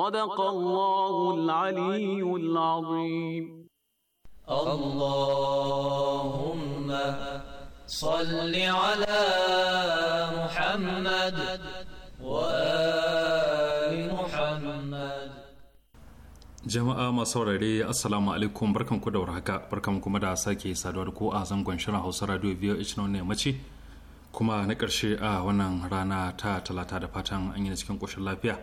صدق الله العلي العظيم اللهم صل على محمد وآل محمد jama'a masu saurare assalamu alaikum barkan ku da warhaka barkan kuma da sake saduwa da ku a zangon shirin hausa radio voh na wannan yammaci kuma na karshe a wannan rana ta talata da fatan an yi cikin koshin lafiya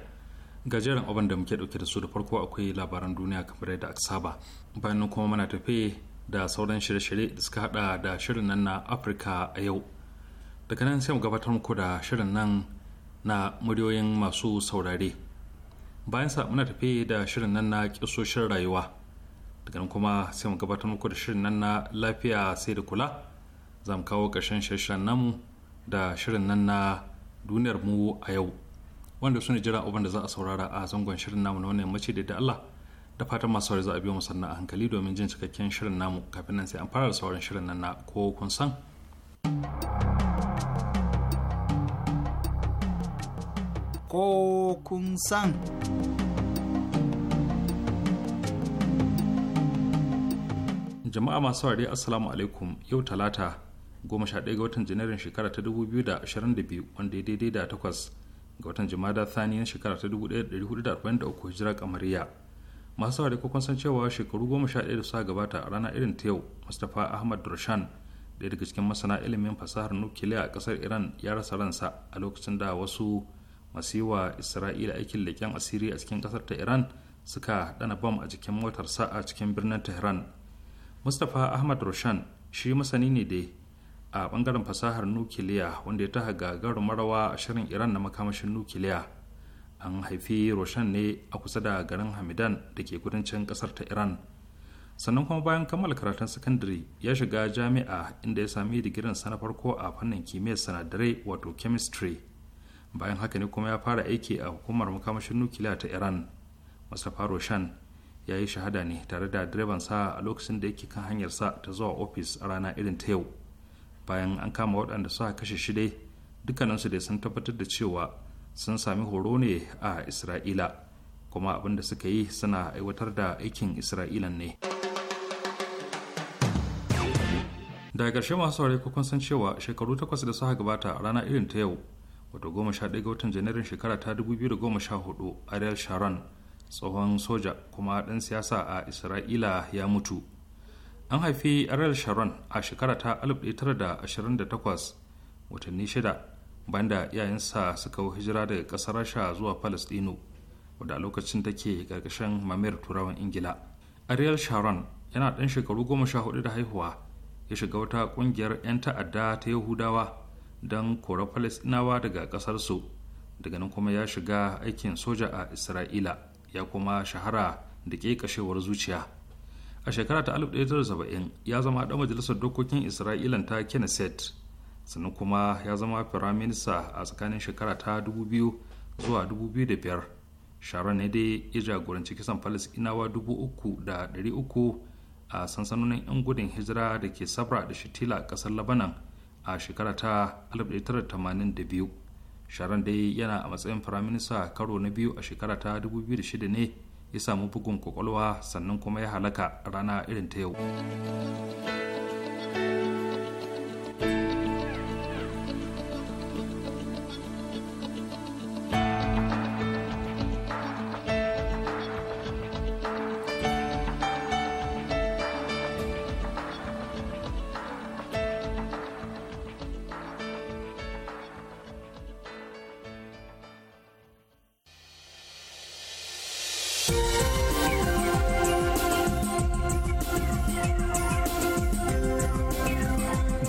gajeren abin da muke dauke da su da farko akwai labaran duniya kamar yadda aka saba bayan nan kuma muna tafe da sauran shirye-shirye da suka hada da shirin nan na afirka a yau daga nan sai mu gabatar muku da shirin nan na muryoyin masu saurare bayan sa muna tafe da shirin nan na kisoshin rayuwa daga nan kuma sai mu gabatar muku da shirin nan na lafiya sai da kula za mu kawo ƙarshen shirin namu da shirin nan na duniyar mu a yau wanda su ne jira abin da za a saurara a zangon shirin namu na wannan mace da Allah da fatan masu saurari za a biyo mu a hankali domin jin cikakken shirin namu kafin nan sai an fara da sauran shirin nan na ko kun san. Ko kun san. Jama'a masu saurari Assalamu alaikum yau talata goma sha ɗaya ga watan janairun shekara ta dubu biyu da da biyu wanda ya daidai da takwas ga watan jimada thani na shekara ta 1443 hijira kamariya masu saurari ko kun san cewa shekaru goma sha ɗaya da suka gabata a rana irin ta yau mustapha ahmad roshan ɗaya daga cikin masana ilimin fasahar nukiliya a ƙasar iran ya rasa ransa a lokacin da wasu masu masiwa isra'ila aikin leƙen asiri a cikin ƙasar ta iran suka dana bom a jikin motarsa a cikin birnin tehran mustapha ahmad roshan shi masani ne da a bangaren fasahar nukiliya wanda ya taha garin marawa a shirin iran na makamashin nukiliya an haifi roshan ne a kusa da garin hamidan da ke kudancin kasar ta iran sannan kuma bayan kammala karatun sakandare ya shiga jami'a inda ya sami digirin sana farko a fannin kimiyyar sanadarai wato chemistry bayan haka ne kuma ya fara aiki a hukumar makamashin nukiliya ta iran mustapha roshan ya yi shahada ne tare da direban sa a lokacin da yake kan hanyarsa ta zuwa ofis a rana irin ta yau bayan an kama waɗanda suka kashe shi dai dukkaninsu dai sun tabbatar da cewa sun sami horo ne a isra'ila kuma abin da suka yi suna aiwatar da aikin isra'ilan ne daga ƙarshe masu saurari kun san cewa shekaru takwas da suka gabata rana irin ta yau wato goma sha ɗaya ga watan janairun shekara ta dubu biyu da goma sha hudu ariel sharon tsohon soja kuma ɗan siyasa a isra'ila ya mutu an haifi ariel sharon a shekara ta 1928 watanni shida bayan da iyayensa suka hijira daga ƙasar rasha zuwa palestino wadda lokacin take ƙarƙashin mamayar turawan ingila ariel sharon yana ɗan shekaru goma sha hudu da haihuwa ya shiga wata ƙungiyar 'yan ta'adda ta yahudawa don kora palestinawa daga ƙasarsu daga nan kuma ya shiga aikin soja a isra'ila ya kuma shahara da ƙeƙashewar zuciya a shekara ta 1970 ya zama ɗan majalisar dokokin isra'ila ta kenneset sannan kuma ya zama firaminista a tsakanin shekara ta 2000 zuwa 2005 sharon ne dai ya jagoranci kisan falasinawa 3,300 a sansanonin 'yan gudun hijira da ke sabra da shitila a ƙasar labanan a shekara ta 1982 sharon dai yana a matsayin firaminista karo na biyu a shekara ta 2006 ne ya samu bugun kwakwalwa sannan kuma ya halaka rana irin ta yau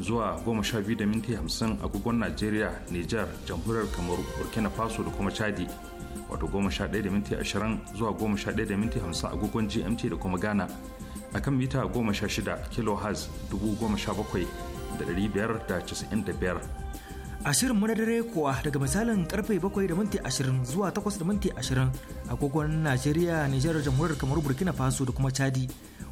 zuwa biyu da minti 50 agogon Najeriya, Nijar, Jamhuriyar Kamaru, Burkina Faso da kuma Chadi. Wato ɗaya da minti ashirin zuwa ɗaya da minti 50 agogon GMT da kuma Ghana. A kan mita 16 kHz 17,595. Ashirin mu na dare kuwa daga misalin karfe 7 da minti ashirin zuwa 8 da minti 20 agogon Najeriya, Nijar, Jamhuriyar Kamaru, Burkina Faso da kuma Chadi.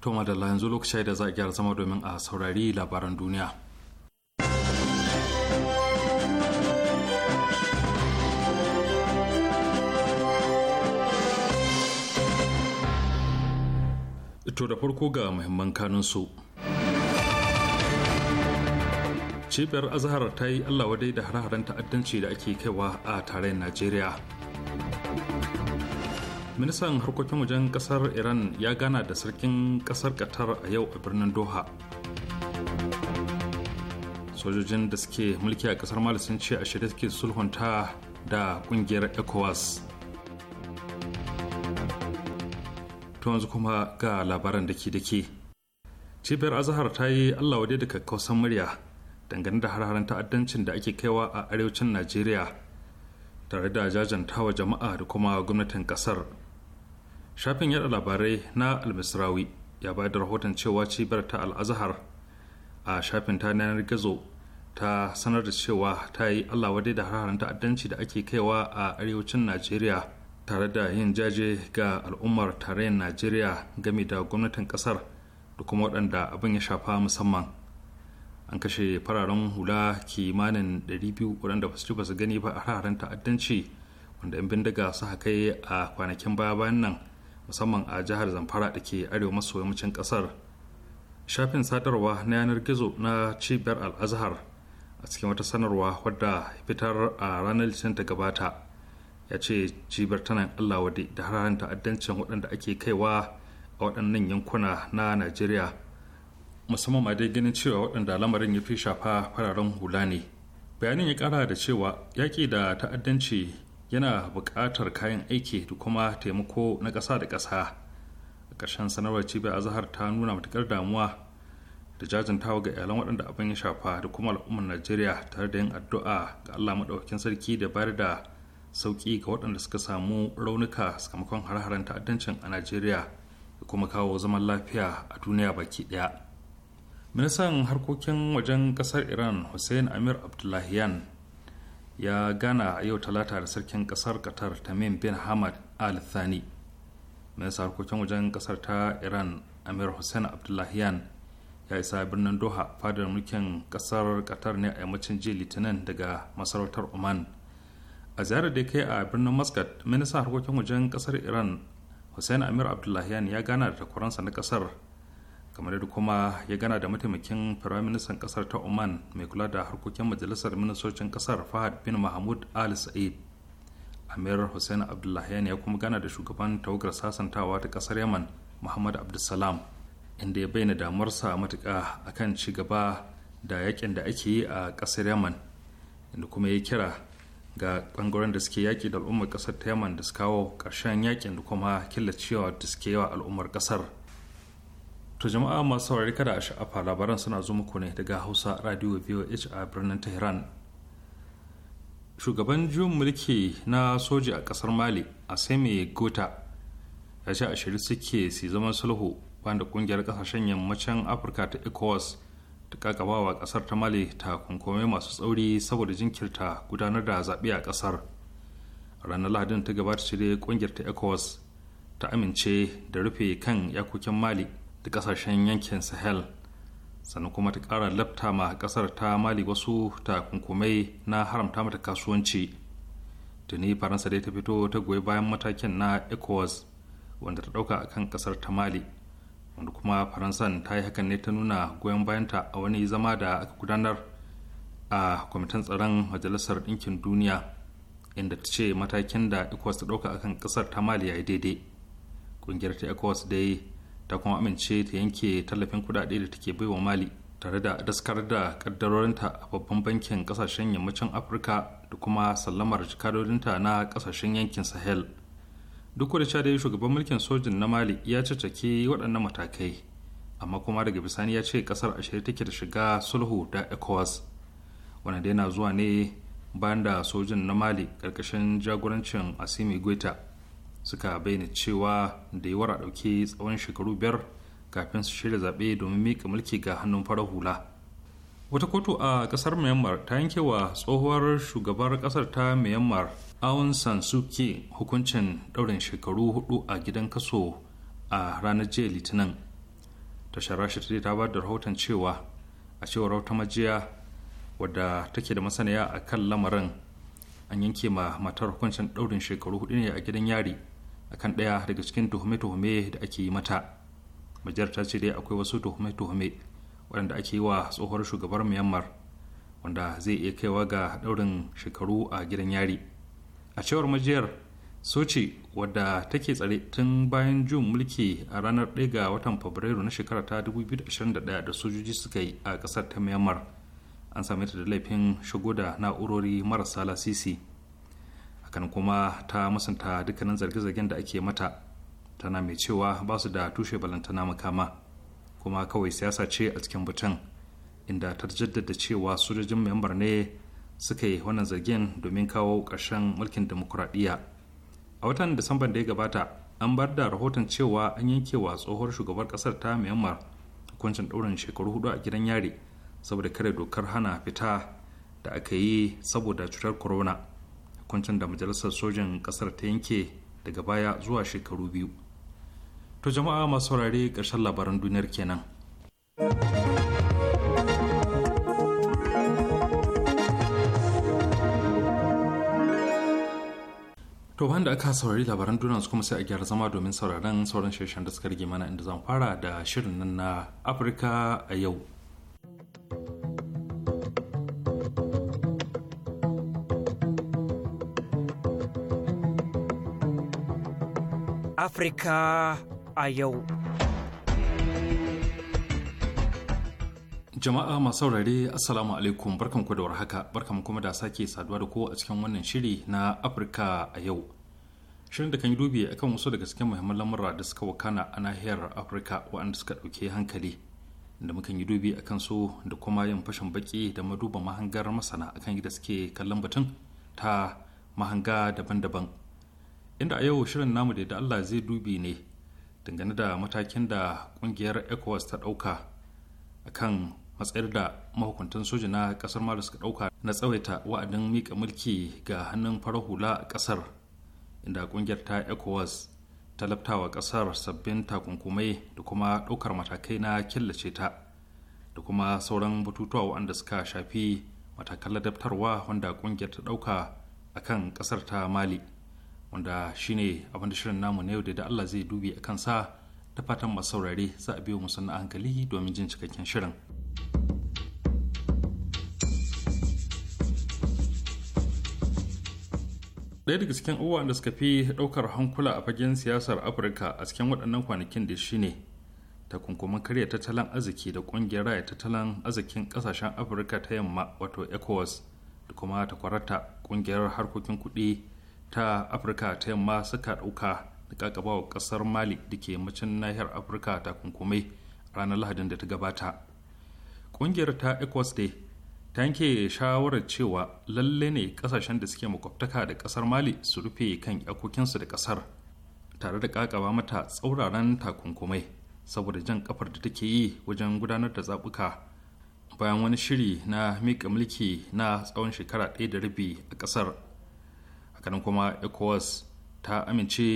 to madalla yanzu lokaci da za a gyara zama domin a saurari labaran duniya to da farko ga muhimman kanunsu cibiyar azahar ta yi allah wadai da hare-haren ta'addanci da ake kaiwa a tarayyar najeriya ministan harkokin wajen kasar iran ya gana da sarkin kasar qatar a yau a birnin doha sojojin da suke mulki a kasar mali sun ce a shirye suke sulhunta da kungiyar ecowas to yanzu kuma ga labaran da ke dake cibiyar azahar ta yi allah wade da kakkausan murya dangane da har ta'addancin da ake kaiwa a arewacin najeriya tare da jajantawa jama'a da kuma gwamnatin kasar shafin yada labarai na almisrawi ya bayar da rahoton cewa cibiyar ta al'azahar a shafin ta yanar gizo ta sanar da cewa ta yi allah wadai da harharan ta'addanci da ake kaiwa a arewacin najeriya tare da yin jaje ga al'ummar tarayyar najeriya game da gwamnatin kasar da kuma waɗanda abin ya shafa musamman an kashe fararen hula kimanin 200 waɗanda ba su ba su gani ba a harharen ta'addanci wanda 'yan bindiga suka kai a kwanakin baya bayan nan musamman a jihar zamfara da ke arewa maso yammacin kasar shafin sadarwa na yanar gizo na cibiyar al'azhar a cikin wata sanarwa wadda fitar a ranar litinin ta gabata ya ce cibiyar tana allah wade da harharin ta'addancin waɗanda ake kaiwa a waɗannan yankuna na najeriya musamman ma dai ganin cewa waɗanda lamarin ya fi shafa fararen hula ne bayanin ya kara da cewa yaƙi da ta'addanci yana buƙatar kayan aiki da kuma taimako na ƙasa da ƙasa a ƙarshen sanarwar cibiyar azahar ta nuna matuƙar damuwa da jajintawa ga iyalan waɗanda abin ya shafa da kuma al'ummar najeriya tare da yin addu'a ga allah maɗaukakin sarki da bayar da sauƙi ga waɗanda suka samu raunuka sakamakon hare-haren ta'addancin a najeriya da kuma kawo zaman lafiya a duniya baki ɗaya ministan harkokin wajen ƙasar iran hussein amir abdullahiyan ya gana a yau talata da sarkin kasar qatar tamim bin hamad al thani minista harkokin wajen kasar ta iran amir hussein abdullahian ya isa birnin doha fadar mulkin kasar qatar ne a yammacin jiya litinin daga masarautar oman a ziyarar da kai a birnin muscat minista harkokin wajen kasar iran hussein amir abdullahian ya gana da takwaransa na kasar kamar da kuma ya gana da mataimakin firaministan kasar ta oman mai kula da harkokin majalisar ministocin kasar fahad bin mahmud al sa'id amir hussein abdullahian ya kuma gana da shugaban tawagar sasantawa ta kasar yaman muhammad abdulsalam inda ya bayyana matuka a kan ci gaba da yakin da ake yi a kasar yaman inda kuma ya kira ga bangaren da suke yaƙi da al'ummar kasar ta yaman da su kawo ƙarshen yakin da kuma killacewa da suke yawa al'ummar kasar To jama'a masu saurari kada a sha'afa labaran suna zo muku ne daga Hausa Radio VOH a birnin Tehran. Shugaban juyin mulki na soji a kasar Mali a mai Gota ya ce ashirin suke su zama sulhu wanda kungiyar kasashen yammacin Afirka ta ECOWAS ta kakabawa kasar ta Mali ta kunkome masu tsauri saboda jinkirta gudanar da zaɓe a kasar. Ranar Lahadin ta gabata ce dai kungiyar ta ECOWAS ta amince da rufe kan yakokin Mali da kasashen yankin sahel sannan kuma ta kara lafta ma kasar ta mali wasu takunkumai na haramta mata kasuwanci tuni faransa dai ta fito ta goyi bayan matakin na ecowas wanda ta dauka akan kasar ta mali wanda kuma faransa ta yi hakan ne ta nuna goyon bayanta a wani zama da aka gudanar a kwamitin tsaron majalisar ɗinkin duniya inda ta ce matakin da ecowas ta dauka akan kasar ta mali ya yi daidai ƙungiyar ta ecowas dai ta kuma amince ta yanke tallafin kudade da take wa mali tare da daskar da kaddarorinta a babban bankin kasashen yammacin afirka da kuma sallamar jikadorinta na kasashen yankin sahel duk da cewa shugaban mulkin sojin na mali ya caccake waɗannan matakai amma kuma daga bisani ya ce kasar ashirin take da shiga sulhu da ecowas wanda yana zuwa ne bayan da sojin na mali ƙarƙashin jagorancin asimi goita suka bayyana cewa da yawar a ɗauki tsawon shekaru biyar kafin su shirya zaɓe domin miƙa mulki ga hannun farar hula wata kotu a ƙasar myanmar ta yanke wa tsohuwar shugabar ƙasar ta myanmar aung san suu kyi hukuncin ɗaurin shekaru hudu a gidan kaso a ranar jiya litinin tashar rashid ta ba da rahoton cewa a cewar wata majiya wadda take da masaniya a kan lamarin an yanke ma matar hukuncin ɗaurin shekaru hudu ne a gidan yari akan ɗaya daga cikin tuhume-tuhume da ake yi mata majiyar ta ce dai akwai wasu tuhume-tuhume waɗanda ake yi wa tsohuwar shugabar myanmar wanda zai iya kaiwa ga ɗaurin shekaru a gidan yari a cewar majiyar soci wadda take tsare tun bayan jun mulki a ranar 1 ga watan fabrairu na shekara ta 2021 da sojoji suka yi a ƙasar ta myanmar an same ta da laifin shigo da na'urori marasa lasisi hakan kuma ta musanta dukkanin zarge-zargen da ake mata tana mai cewa ba su da tushe balantana makama kuma kawai siyasa ce a cikin batun inda ta jaddada cewa sojojin membar ne suka yi wannan zargin domin kawo ƙarshen mulkin demokuraɗiyya a watan disamban da ya gabata an bar da rahoton cewa an yanke wa tsohuwar shugabar ƙasar ta myanmar hukuncin ɗaurin shekaru hudu a gidan yari saboda kare dokar hana fita da aka yi saboda cutar corona hukuncin da majalisar sojan kasar ta yanke daga baya zuwa shekaru biyu to jama'a masu saurare ƙarshen labaran duniyar kenan to da aka saurari labaran duniya su kuma sai a gyara zama domin sauraron sauran shirin da suka rage mana inda zan fara da shirin nan na afirka a yau Afrika a yau. Jama'a masu saurare Assalamu alaikum barkanku da warhaka barkanku kuma da sake saduwa da ku a cikin wannan shiri na Afirka a yau. Shirin da kan yi dubi akan wasu daga cikin muhimman lamura da suka wakana a nahiyar Afirka waɗanda suka ɗauke hankali da mukan yi dubi akan su da kuma yin fashin baki da maduba mahangar masana akan yadda suke kallon batun ta mahanga daban-daban inda a yau shirin namu da Allah zai dubi ne dangane da matakin da kungiyar ecowas ta dauka akan matsayar da mahukuntan soja na kasar mali suka dauka na tsawaita wa'adin mika mulki ga hannun farar hula a kasar inda kungiyar ta ecowas ta laftawa kasar sabbin takunkumai da kuma daukar matakai na killace ta da kuma sauran batutuwa wanda suka shafi matakan ladabtarwa wanda kungiyar ta dauka akan kasar ta mali wanda shine abinda shirin namu na yau da Allah zai dubi a kansa da fatan masu saurare za a biyo musanna hankali domin jin cikakken shirin. ɗaya daga cikin abubuwan da suka fi ɗaukar hankula a fagen siyasar afirka a cikin waɗannan kwanakin da shine takunkumin karya tattalin arziki da ƙungiyar raya tattalin arzikin ƙasashen afirka ta yamma wato ecowas da kuma takwarata ƙungiyar harkokin kuɗi ta afirka ta yamma suka ɗauka da kakabawa ƙasar mali da ke macin nahiyar afirka takunkumai a ranar lahadin da ta gabata ƙungiyar ta ecos day ta yanke shawarar cewa lalle ne ƙasashen da suke makwabtaka da ƙasar mali su rufe kan iyakokinsu da ƙasar tare da kakaba mata tsauraran takunkumai saboda jan kafar da take yi wajen gudanar da zaɓuka bayan wani shiri na mika mulki na tsawon shekara ɗaya da rabi a ƙasar hakanan kuma ecowas ta amince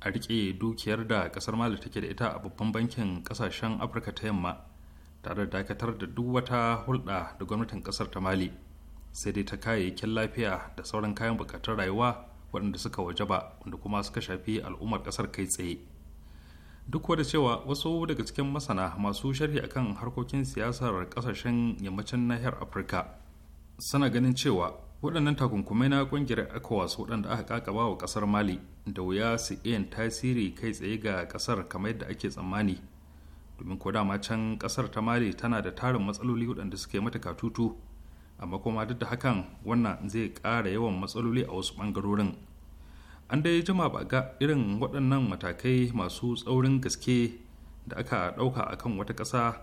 a rike dukiyar da kasar mali take da ita a babban bankin kasashen afirka ta yamma tare da dakatar da duk wata hulɗa da gwamnatin kasar ta mali sai dai ta kayayyakin lafiya da sauran kayan bukatun rayuwa waɗanda suka wajaba wanda kuma suka shafi al'ummar kasar kai tsaye duk da cewa wasu daga cikin masana masu sharhi akan harkokin siyasar kasashen yammacin nahiyar afirka suna ganin cewa waɗannan takunkumai na ƙungiyar ecowas waɗanda aka kakaba wa ƙasar mali da wuya su iya tasiri kai tsaye ga ƙasar kamar yadda ake tsammani domin ko dama can ƙasar ta mali tana da tarin matsaloli waɗanda suke mata katutu amma kuma duk da hakan wannan zai ƙara yawan matsaloli a wasu ɓangarorin an dai jima ba ga irin waɗannan matakai masu tsaurin gaske da aka ɗauka a kan wata ƙasa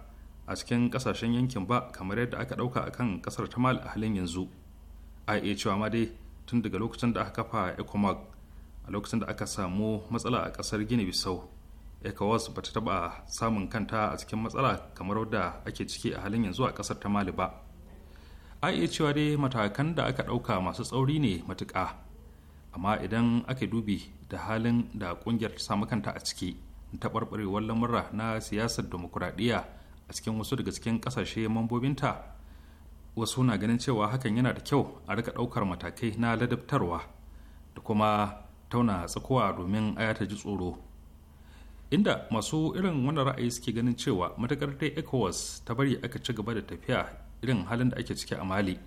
a cikin ƙasashen yankin ba kamar yadda aka ɗauka a kan ƙasar ta mali a halin yanzu a iya cewa ma dai tun daga lokacin da aka kafa ecomag a lokacin da aka samu matsala a kasar gini bisau ecowas ba ta taba samun kanta a cikin matsala kamar wadda ake ciki a halin yanzu a kasar ta mali ba a iya cewa dai matakan da aka ɗauka masu tsauri ne matuƙa amma idan aka dubi da halin da ƙungiyar ta samu kanta a ciki taɓarɓarewar lamurra na siyasar demokuraɗiyya a cikin wasu daga cikin ƙasashe mambobinta wasu na ganin cewa hakan yana da kyau a rika ɗaukar matakai na ladabtarwa da kuma tauna tsakowa domin aya ta ji tsoro inda masu irin wani ra'ayi suke ganin cewa matakar dai ecowas ta bari aka ci gaba da tafiya irin halin da ake ciki a mali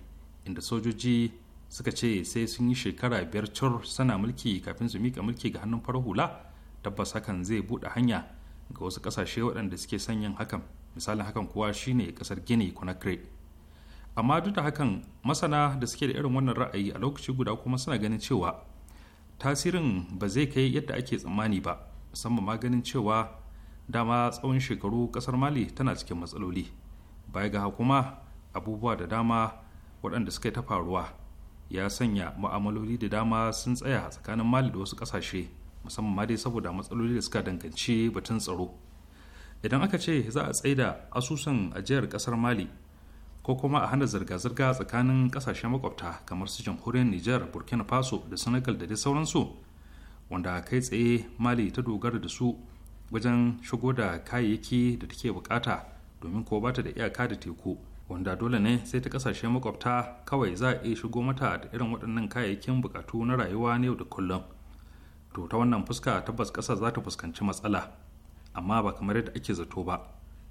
inda sojoji suka ce sai sun yi shekara biyar cur sana mulki kafin su mika mulki ga hannun farar hula tabbas hakan zai buɗe hanya ga wasu ƙasashe waɗanda suke son yin hakan misalin hakan kuwa shine ƙasar gini conakry amma duk da hakan masana da suke da irin wannan ra'ayi a lokaci guda kuma suna ganin cewa tasirin ba zai kai yadda ake tsammani ba musamman ma ganin cewa dama tsawon shekaru kasar mali tana cikin matsaloli baya ga kuma abubuwa da dama waɗanda suka ta faruwa ya sanya ma'amaloli da dama sun tsaya tsakanin mali da wasu ƙasashe musamman ma dai saboda matsaloli da suka danganci batun tsaro idan aka ce za a tsaida asusun ajiyar ƙasar mali ko kuma a hana zirga-zirga tsakanin kasashen makwabta kamar su jamhuriyar niger burkina faso da senegal da dai sauransu wanda kai tsaye mali ta dogara da su wajen shigo da kayayyaki da take bukata domin ko bata da iyaka da teku wanda dole ne sai ta kasashen makwabta kawai za a iya shigo mata da irin waɗannan kayayyakin bukatu na rayuwa na yau da kullum to ta wannan fuska tabbas ƙasa za ta fuskanci matsala amma ba kamar yadda ake zato ba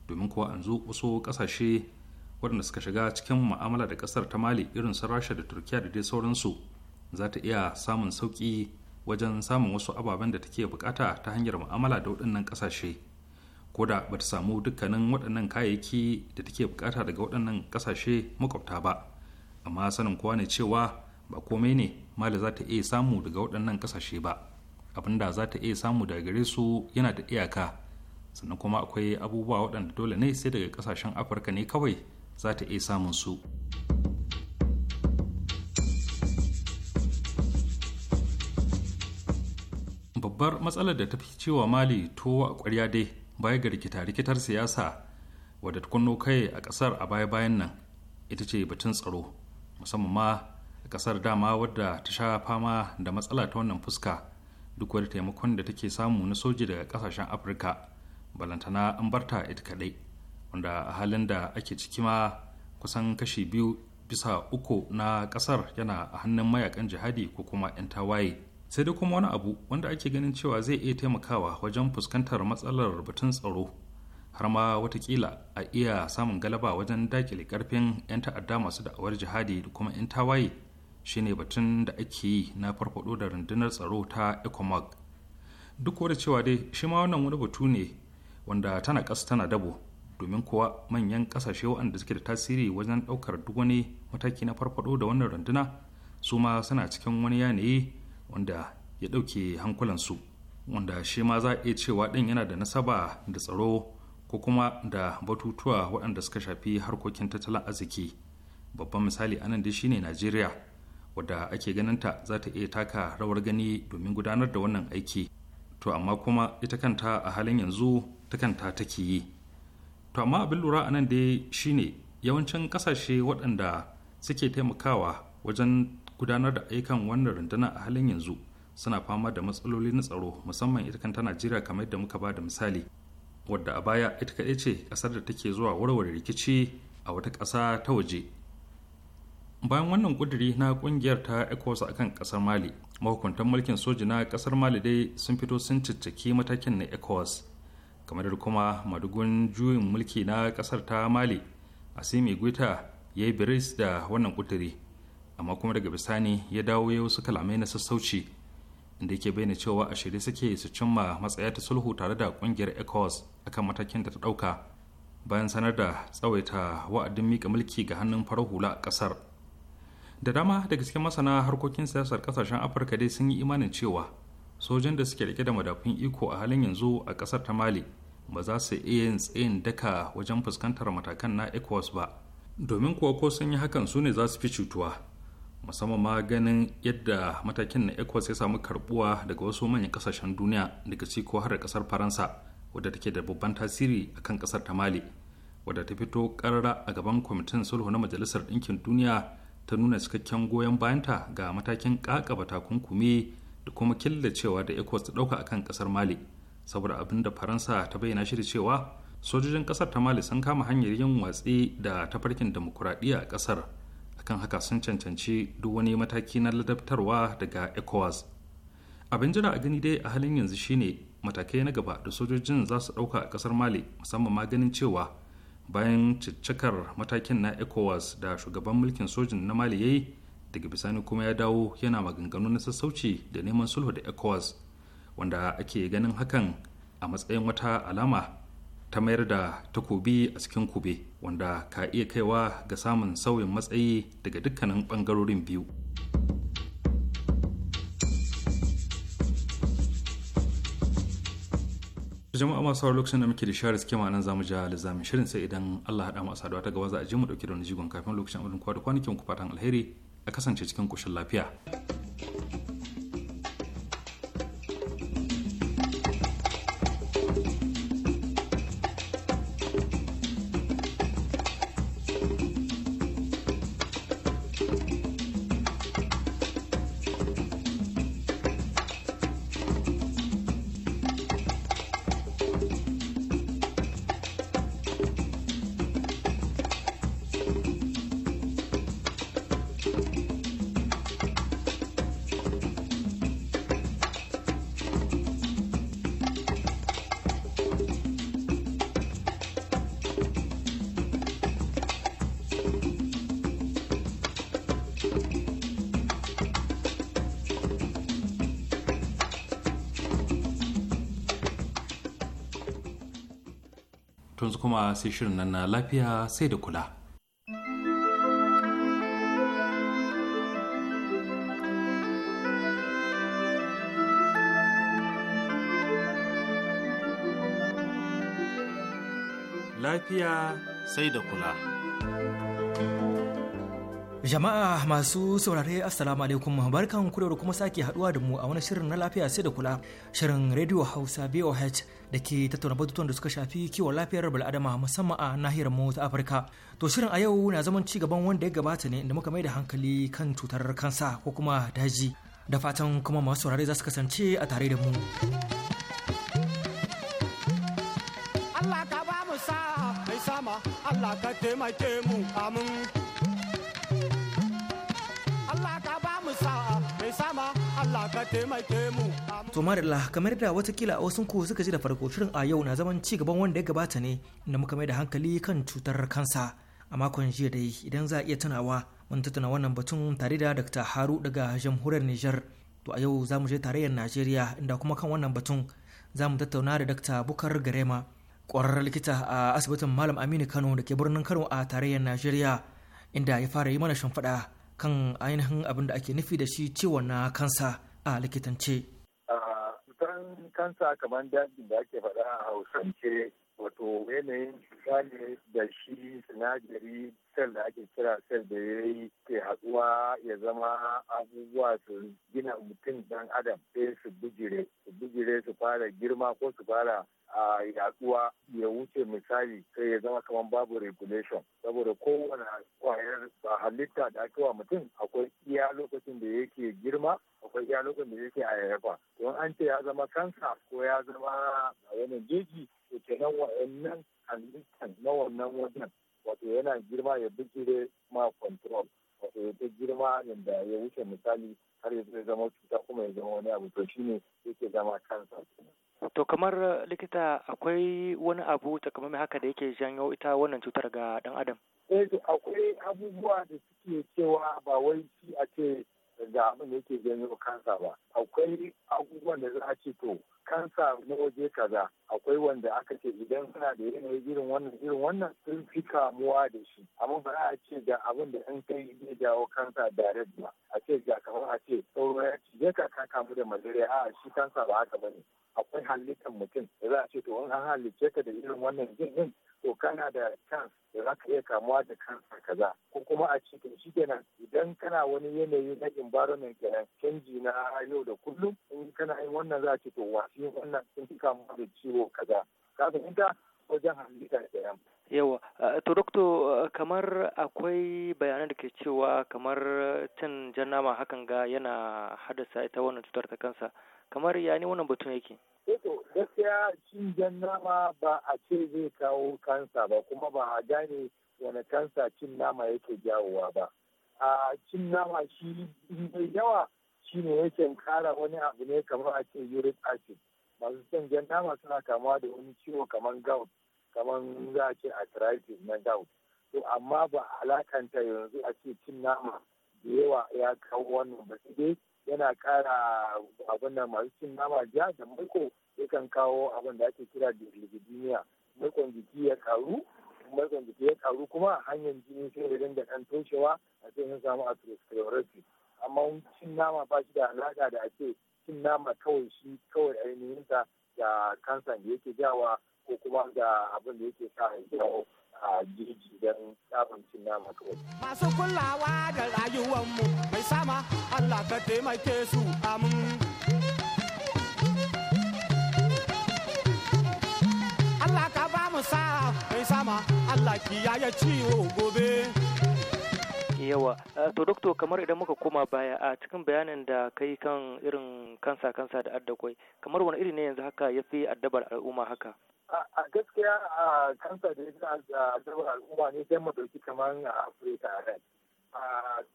domin kuwa an zo wasu ƙasashe waɗanda suka shiga cikin mu'amala da ƙasar ta mali irin su rasha da turkiya da dai sauransu za ta iya samun sauƙi wajen samun wasu ababen da take bukata ta hanyar mu'amala da waɗannan ƙasashe ko da ba ta samu dukkanin waɗannan kayayyaki da take bukata daga waɗannan ƙasashe makwabta ba amma sanin kowa ne cewa ba komai ne mali za ta iya samu daga waɗannan ƙasashe ba abin da za ta iya samu daga gare su yana da iyaka sannan kuma akwai abubuwa waɗanda dole ne sai daga ƙasashen afirka ne kawai za ta iya samun su babbar matsalar da ta fi cewa mali to a kwarya dai baya ga rikita-rikitar siyasa wadda kunno kai a kasar a baya-bayan nan ita ce batun tsaro musamman ma a kasar dama wadda ta sha fama da matsala ta wannan fuska duk wani taimakon da take samu na soji daga kasashen afirka balantana an barta ita kaɗai. wanda a halin da ake ciki ma kusan kashi biyu bisa uku na kasar yana a hannun mayakan jihadi ko kuma 'yan tawaye sai dai kuma wani abu wanda ake ganin cewa zai iya taimakawa wajen fuskantar matsalar batun tsaro har ma watakila a iya samun galaba wajen dakile karfin 'yan ta'adda masu da'awar jihadi da kuma 'yan tawaye shine batun da ake yi na farfado da rundunar tsaro ta ecomog duk da cewa dai shi ma wannan wani batu ne wanda tana ƙasa tana dabo domin kuwa manyan kasashe waɗanda suke da tasiri wajen ɗaukar duk wani mataki na farfado da wannan runduna su ma suna cikin wani yanayi wanda ya ɗauke hankulansu wanda shi ma za a iya cewa ɗin yana da nasaba da tsaro ko kuma da batutuwa waɗanda suka shafi harkokin tattalin arziki babban misali anan dai ne najeriya wadda ake ganinta za ta iya taka rawar gani domin gudanar da wannan aiki to amma kuma ita kanta a halin yanzu ta kanta take yi to amma abin lura a nan dai shine yawancin kasashe waɗanda suke taimakawa wajen gudanar da ayyukan wannan rundunar a halin yanzu suna fama da matsaloli na tsaro musamman ita kanta najeriya kamar yadda muka ba da misali wadda a baya ita kaɗai ce ƙasar da take zuwa warware rikici a wata ƙasa ta waje bayan wannan ƙuduri na ƙungiyar ta ecowas akan ƙasar mali mahukuntan mulkin soji na ƙasar mali dai sun fito sun cicciki matakin na ecowas kamar da kuma madugun juyin mulki na kasar ta mali asimi guita ya yi biris da wannan kuduri amma kuma daga bisani ya dawo ya wasu kalamai na sassauci inda yake bayyana cewa a shirye suke su cimma matsaya ta sulhu tare da kungiyar ecowas akan matakin da ta dauka bayan sanar da tsawaita wa'adin mika mulki ga hannun farar hula a kasar da dama daga cikin masana harkokin siyasar kasashen afirka dai sun yi imanin cewa sojan da suke rike da madafun iko a halin yanzu a kasar ta mali ba za su iya yin tsayin daka wajen fuskantar matakan na ecowas ba domin kuwa ko sun yi hakan su ne za su fi cutuwa musamman ma ganin yadda matakin na ecowas ya samu karbuwa daga wasu manyan kasashen duniya daga ciko har da kasar faransa wadda take da babban tasiri akan kasar ta mali wadda ta fito karara a gaban kwamitin sulhu na majalisar ɗinkin duniya ta nuna cikakken goyon bayanta ga matakin kakaba takunkumi da kuma killacewa da ecowas ta ɗauka akan kasar mali saboda abin da faransa ta bayyana shi da cewa sojojin kasar ta mali sun kama hanyar yin watsi da tafarkin demokuraɗiyya a kasar akan haka sun cancanci duk wani mataki na ladabtarwa daga ecowas abin jira a gani dai a halin yanzu shine matakai na gaba da sojojin za su ɗauka a kasar mali musamman ma ganin cewa bayan ciccikar matakin na ecowas da shugaban mulkin sojin na mali ya yi daga bisani kuma ya dawo yana maganganu na sassauci da neman sulhu da ecowas wanda ake ganin hakan a matsayin wata alama ta mayar da takobi a cikin kube wanda ka iya kaiwa ga samun sauyin matsayi daga dukkanin bangarorin biyu jama'a masu sauran lokacin da muke da suke nan zamu ja zamu shirin sai idan Allah haɗa masu ta gaba za a je mu ɗauki da wani jigon kafin lokacin amurin kwa da kwanakin ku fatan alheri a kasance cikin koshin lafiya. sai shirin nan na lafiya sai da kula. Lafiya sai da kula. Jama'a masu saurare Assalamu alaikum barkan ku da kuma sake haduwa da mu a wani shirin na lafiya sai da kula shirin Radio Hausa BOH da ke tattauna batutuwan da suka shafi kiwon lafiyar bil'adama musamman a nahiyar mu ta Afirka. To shirin a yau na zaman ci gaban wanda ya gabata ne da muka mai da hankali kan cutar kansa ko kuma daji. Da fatan kuma masu saurare za su kasance a tare da mu. Allah ka ba mu sa mai sama Allah ka taimake mu amin. Allah ka taimake mu. To da kamar da watakila wasu ku suka ji da farko shirin a yau na zaman ci gaban wanda ya gabata ne inda muka mai da hankali kan cutar kansa. A makon jiya dai idan za a iya tunawa mun tattauna wannan batun tare da Dr. Haru daga jamhuriyar Nijar. To a yau za mu je tarayyar Najeriya inda kuma kan wannan batun za mu tattauna da Dr. Bukar Garema. Ƙwararren likita a asibitin Malam Aminu Kano da ke birnin Kano a tarayyar Najeriya inda ya fara yi mana shimfiɗa kan ainihin abin da ake nufi da shi ciwon na kansa a likitance. cutar kansa kamar dajin da ake faɗa a hausance wato yanayin cuta da shi sinadari sel da ake kira sel da ya yi ke haɗuwa ya zama abubuwa su gina mutum dan adam sai su bijire su bijire su fara girma ko su fara a yaduwa ya wuce misali sai ya zama kamar babu regulation saboda kowane kwayar halitta da ake wa mutum akwai iya lokacin da yake girma akwai iya lokacin da yake a yayyafa don an ce ya zama kansa ko ya zama wani jeji wato kenan wa'annan halittar na wannan wajen wato yana girma ya bijire ma control wato ya ta girma yadda ya wuce misali har ya zama cuta kuma ya zama wani abu to shine yake zama kansa to kamar uh, likita akwai wani abu mai haka da yake janyo ita wannan cutar ga dan adam eh akwai abubuwa da suke cewa ba wai shi a ce ga abin da yake janyo kansa ba akwai abubuwan da za a ce to kansa na waje kaza akwai wanda aka ce idan suna da yanayi irin wannan irin wannan sun fi kamuwa da shi amma ba a ce ga abin da in kai zai jawo kansa direct ba a ce ga kamar a ce sauro ya ce ka kamu da malaria a shi kansa ba haka bane akwai halittar mutum da za a ce to in an halicce ka da irin wannan jin to kana da chance da za ka iya kamuwa da kansa kaza ko kuma a ce shi kenan idan kana wani yanayi na environment kenan canji na yau da kullum in kana yin wannan za ka to wasu yin wannan sun fi kamuwa da ciwo kaza ka fahimta wajen halitta kenan yawa eh, to doktor eh, kamar akwai bayanan da ke cewa kamar cin jan nama hakan ga yana haddasa ita wannan cutar ta kansa kamar ya ne wannan batun yake Eto eh gaskiya cin jan nama ba a ce zai kawo kansa ba kuma ba a gane wani kansa cin nama yake jawowa ba. A cin nama shi mai yawa shi ne yake kara wani abu ne kamar a ce uric acid. Masu cin jan nama suna kamuwa da wani ciwo kamar gout kamar za a ce arthritis na gout. To amma ba alakanta yanzu a ce cin nama da yawa ya kawo wannan ba sai yana ƙara abin da masu cin nama jiya, da maiko yakan kawo abin da ake kira da lipidemia maikon jiki ya karu maikon jiki ya karu kuma hanyar jini sai da dinga ɗan toshewa a sai sun samu atherosclerosis amma cin nama ba shi da alaƙa da ake cin nama kawai shi kawai ainihinsa da kansa da yake jawa ko kuma da abin da yake sa a jawo a jirgi don abincin nama kawai. Masu kulawa da rayuwanmu mai sama Allah ka taimake su amin. Allah ka ba mu sa mai sama Allah kiyaye ciwo gobe. yawa ah, to doktor kamar idan muka koma baya a cikin bayanin da kai kan irin kansa kansa da addakwai kamar wani iri ne yanzu haka ya fi addabar al'umma haka a gaskiya a kansa da yake addabar al'umma ne sai mu dauki kamar a afirka a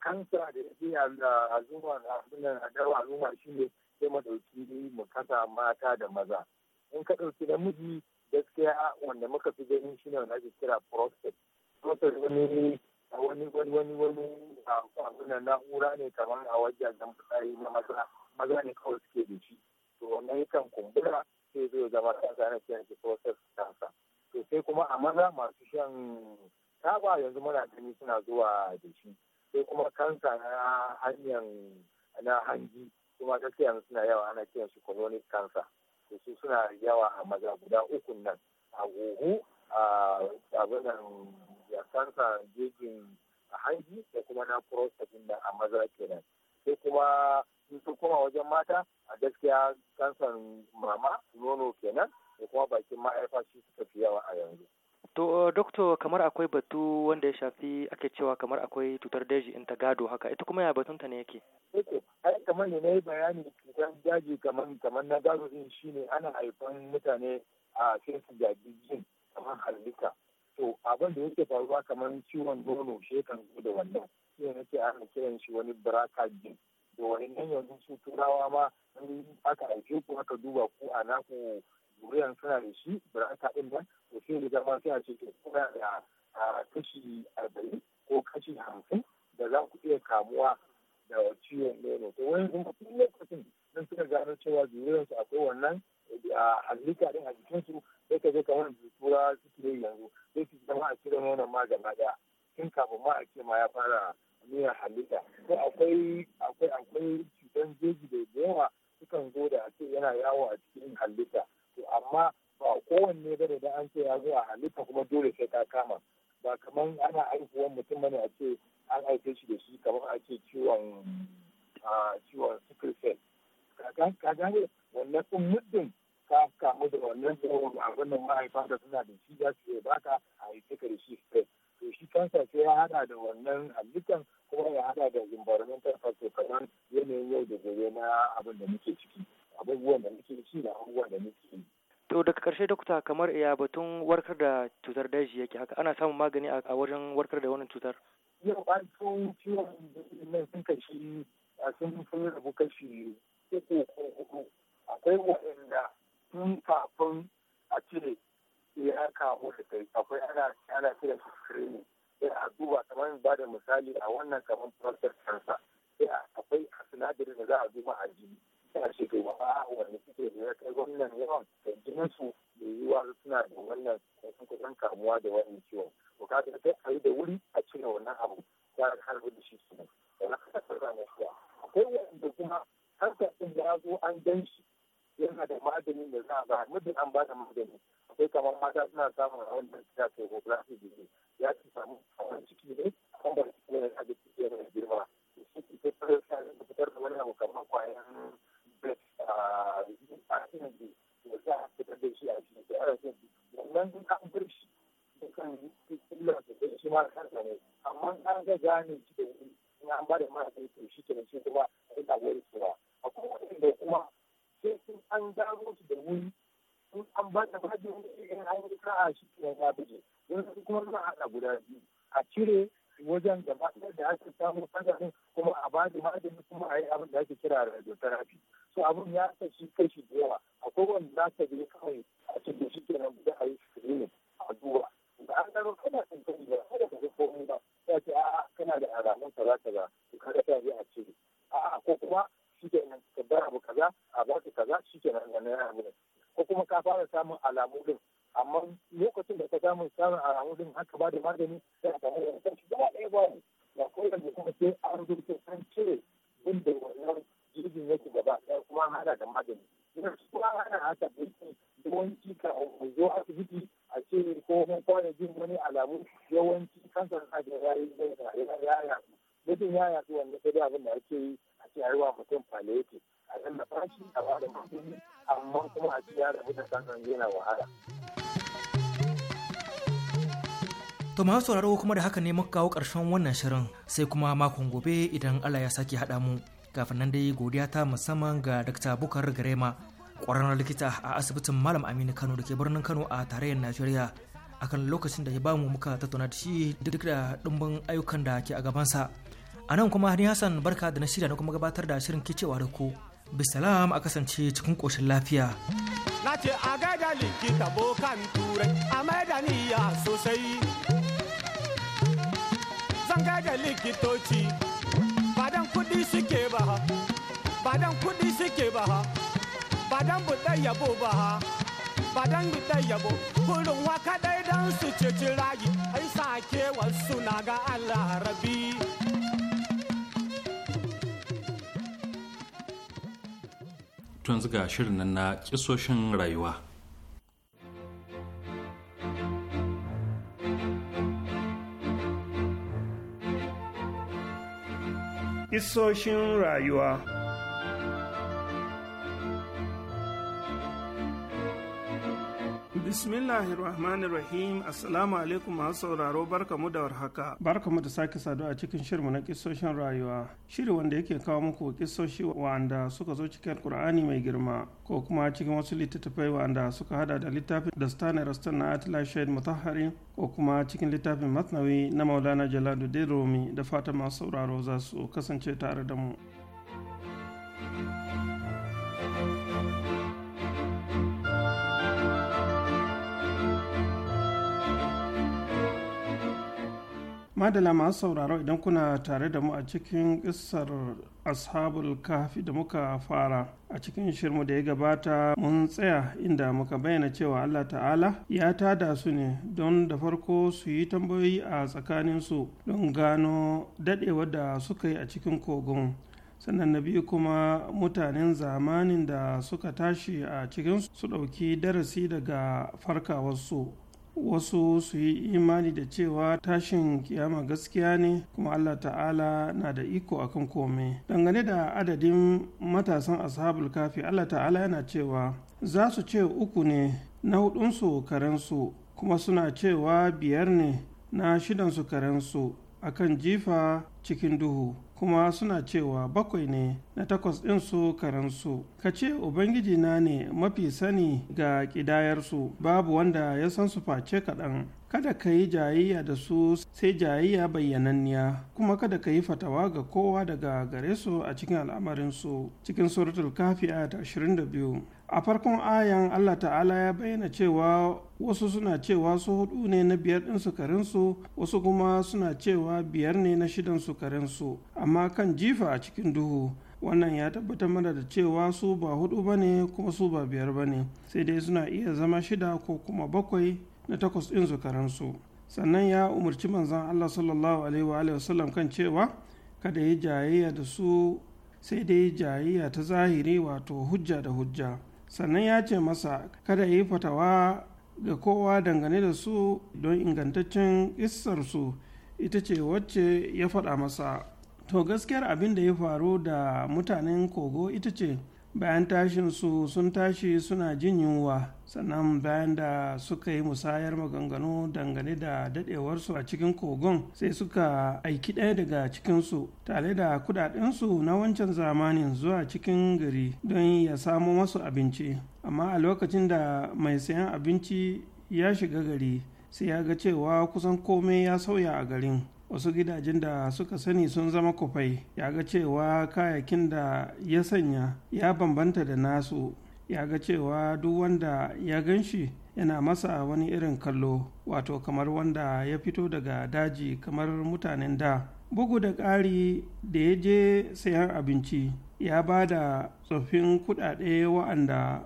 kansa da ya fi addabar al'umma shi ne sai mu dauki mu kasa mata da maza in ka dauki namiji gaskiya wanda muka fi ganin shi ne wanda ake kira prostate prostate wani wani wani wani wani abin na'ura ne kamar a wajen fitsari na maza maza ne kawai suke da shi to wannan yakan kumbura sai zai zama kansa na kiyan shi kansa to sai kuma a maza masu shan taba yanzu muna gani suna zuwa da shi sai kuma kansa na hanyar na hanji kuma gaskiya suna yawa ana kiyan shi colonic cancer to su suna yawa a maza guda uku nan a huhu a abin ya kansa a hanji da kuma na prostate da a maza kenan sai kuma in sun koma wajen mata a gaskiya kansan mama nono kenan da kuma bakin ma'aifa shi suka fi yawa a yanzu To, eh, doktor kamar akwai batu wanda ya shafi ake cewa kamar akwai cutar daji in ta gado haka, ita kuma ya batunta ne yake? Yake, eh ai kamar ne na yi bayani cutar daji kamar kamar na gado din shine ana haifan mutane a sai su kamar halitta. to abin da yake faruwa kamar ciwon nono shi kan zo da wannan shi ne nake ana kiran shi wani braka gin to wani nan yanzu su turawa ma in aka aiki ku aka duba ku a naku zuriyan suna da shi braka din nan to sai da zama sai a ce to kuna da kashi arba'in ko kashi hamsin da za ku iya kamuwa da ciwon nono to wani sun ayudar ma kansa ne amma an ga gane shi wuri in an ba mara kai to shi kenan sai kuma sai da wani tsira akwai wanda kuma sai sun an gano su da wuri in an ba da mara wani in an a ka'a shi kenan ya buje don su kuma za a haɗa guda biyu a cire wajen da da ake samu kadarin kuma a ba da magani kuma a yi abin da ake kira radiotherapy so abin ya kashi kashi da yawa akwai wanda za ka je kawai aka ba da magani masu sauraro kuma da haka ne muka kawo ƙarshen wannan shirin sai kuma makon gobe idan Allah ya sake haɗa mu kafin nan dai godiya ta musamman ga Dr. Bukar Garema ƙwararren likita a asibitin Malam Aminu Kano da ke birnin Kano a tarayyar Najeriya akan lokacin da ya ba mu muka tattauna da shi duk da ɗumbin ayyukan da ke a gabansa. A nan kuma Hani Hassan barka da na shirya na kuma gabatar da shirin ke cewa da ku. bisalam a kasance cikin koshin lafiya. nace ce a gaida likita bokan turai a maidaniya sosai. shiga da likitoci badan kudi suke ba ha badan kudi suke ba ha badan buɗe yabo ba ha badan buɗe yabo kurin waka dai dan su ceci ragi ai sake wasu na ga Allah rabi tun ga shirin na kisoshin rayuwa Isoshin rayuwa Bismillahirrahmanirrahim Assalamu alaikum masu sauraro barkamu da warhaka. Barkamu da sake saduwa a cikin shirmu na kisoshin rayuwa. Shiri wanda yake kawo muku kisoshi wa'anda suka zo cikin Alkur'ani mai girma ko kuma cikin wasu littattafai wa'anda suka hada da littafin da Stanley Rastan na Atila Shahid Mutahari ko kuma cikin littafin Masnawi na Maulana Jalaluddin Rumi da fata masu sauraro za su kasance tare da mu. madala masu sauraro idan kuna tare da mu a cikin ƙasar ashabul kafi da muka fara a cikin shirmu da ya gabata mun tsaya inda muka bayyana cewa allah ta'ala ya tada su ne don da farko su yi tambayoyi a tsakaninsu don gano dadewar da suka yi a cikin kogon sannan na biyu kuma mutanen zamanin da suka tashi a cikin su ɗauki darasi daga farkawarsu wasu su yi imani da cewa tashin kiyama gaskiya ne kuma allah ta'ala na da iko akan kome dangane da adadin matasan ashabul kafi allah ta'ala yana cewa za su ce uku ne na hudunsu karensu kuma suna cewa biyar ne na shidansu karensu akan jifa cikin duhu kuma suna cewa bakwai ne na takwas ɗinsu karansu ka ce ubangiji na ne mafi sani ga ƙidayarsu babu wanda ya san su face kaɗan kada ka yi jayayya da su sai jayayya bayyananniya kuma kada ka yi fatawa ga kowa daga gare su a cikin al'amarinsu cikin suratul kafi a 22 a farkon ayan allah ta'ala ya bayyana cewa wasu suna cewa su hudu ne na biyar din sukarinsu wasu kuma suna cewa biyar ne na shidan sukarinsu amma kan jifa a cikin duhu wannan ya tabbatar mana da cewa su ba hudu ba ne kuma su ba biyar ba ne sai dai suna iya zama shida ko kuma bakwai na takwas ɗin sukarinsu sannan ya umarci manzan allah sallallahu alaihi wa sallam kan cewa kada ya jayayya da su sai dai jayayya ta zahiri wato hujja da hujja sannan ya ce masa kada yi fatawa ga kowa dangane da su don ingantaccen su ita ce wacce ya faɗa masa to gaskiyar abin da ya faru da mutanen kogo ita ce bayan tashin su sun tashi suna jin yunwa sannan bayan da suka yi musayar maganganu dangane da dadewarsu a cikin kogon sai suka aiki ɗaya daga cikinsu tare da kudadensu na wancan zamanin zuwa cikin gari don ya samo masu abinci amma a lokacin da mai sayan abinci ya shiga gari sai ya ga cewa kusan komai ya sauya a garin wasu gidajen da suka sani sun zama kufai ya ga cewa kayakin da ya sanya ya bambanta da nasu ya ga cewa duk wanda ya gan shi yana masa wani irin kallo wato kamar wanda ya fito daga daji kamar mutanen da bugu da ƙari da ya je sayan abinci ya ba da tsoffin kuɗaɗe wa'anda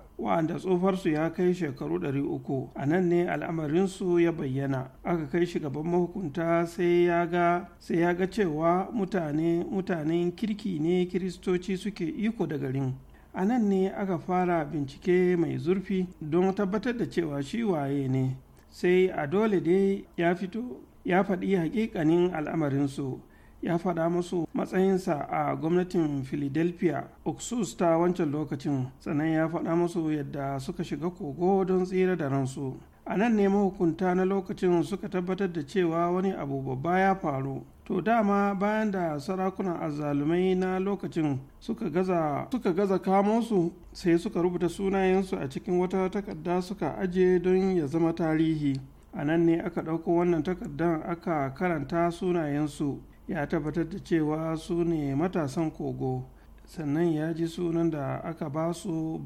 tsofarsu ya kai shekaru 300 a nan ne al'amarinsu ya bayyana aka kai shi gaban mahukunta sai ya ga sai ya ga cewa mutane mutanen kirki ne kiristoci suke iko da garin a nan ne aka fara bincike mai zurfi don tabbatar da cewa shi waye ne sai a dole dai ya fito ya faɗi hakikanin al'amarinsu ya faɗa musu matsayinsa a gwamnatin philadelphia oxus ta wancan lokacin sannan ya faɗa musu yadda suka shiga kogo don tsira da ransu a nan ne mahukunta na lokacin suka tabbatar da cewa wani abu babba ya faru to dama bayan da sarakunan azzalumai na lokacin suka gaza kamo su sai suka rubuta sunayensu a cikin wata takarda suka ajiye don ya zama tarihi a nan ne aka ɗauko wannan takardar aka karanta sunayensu ya tabbatar da cewa su ne matasan kogo sannan ya ji sunan da aka ba su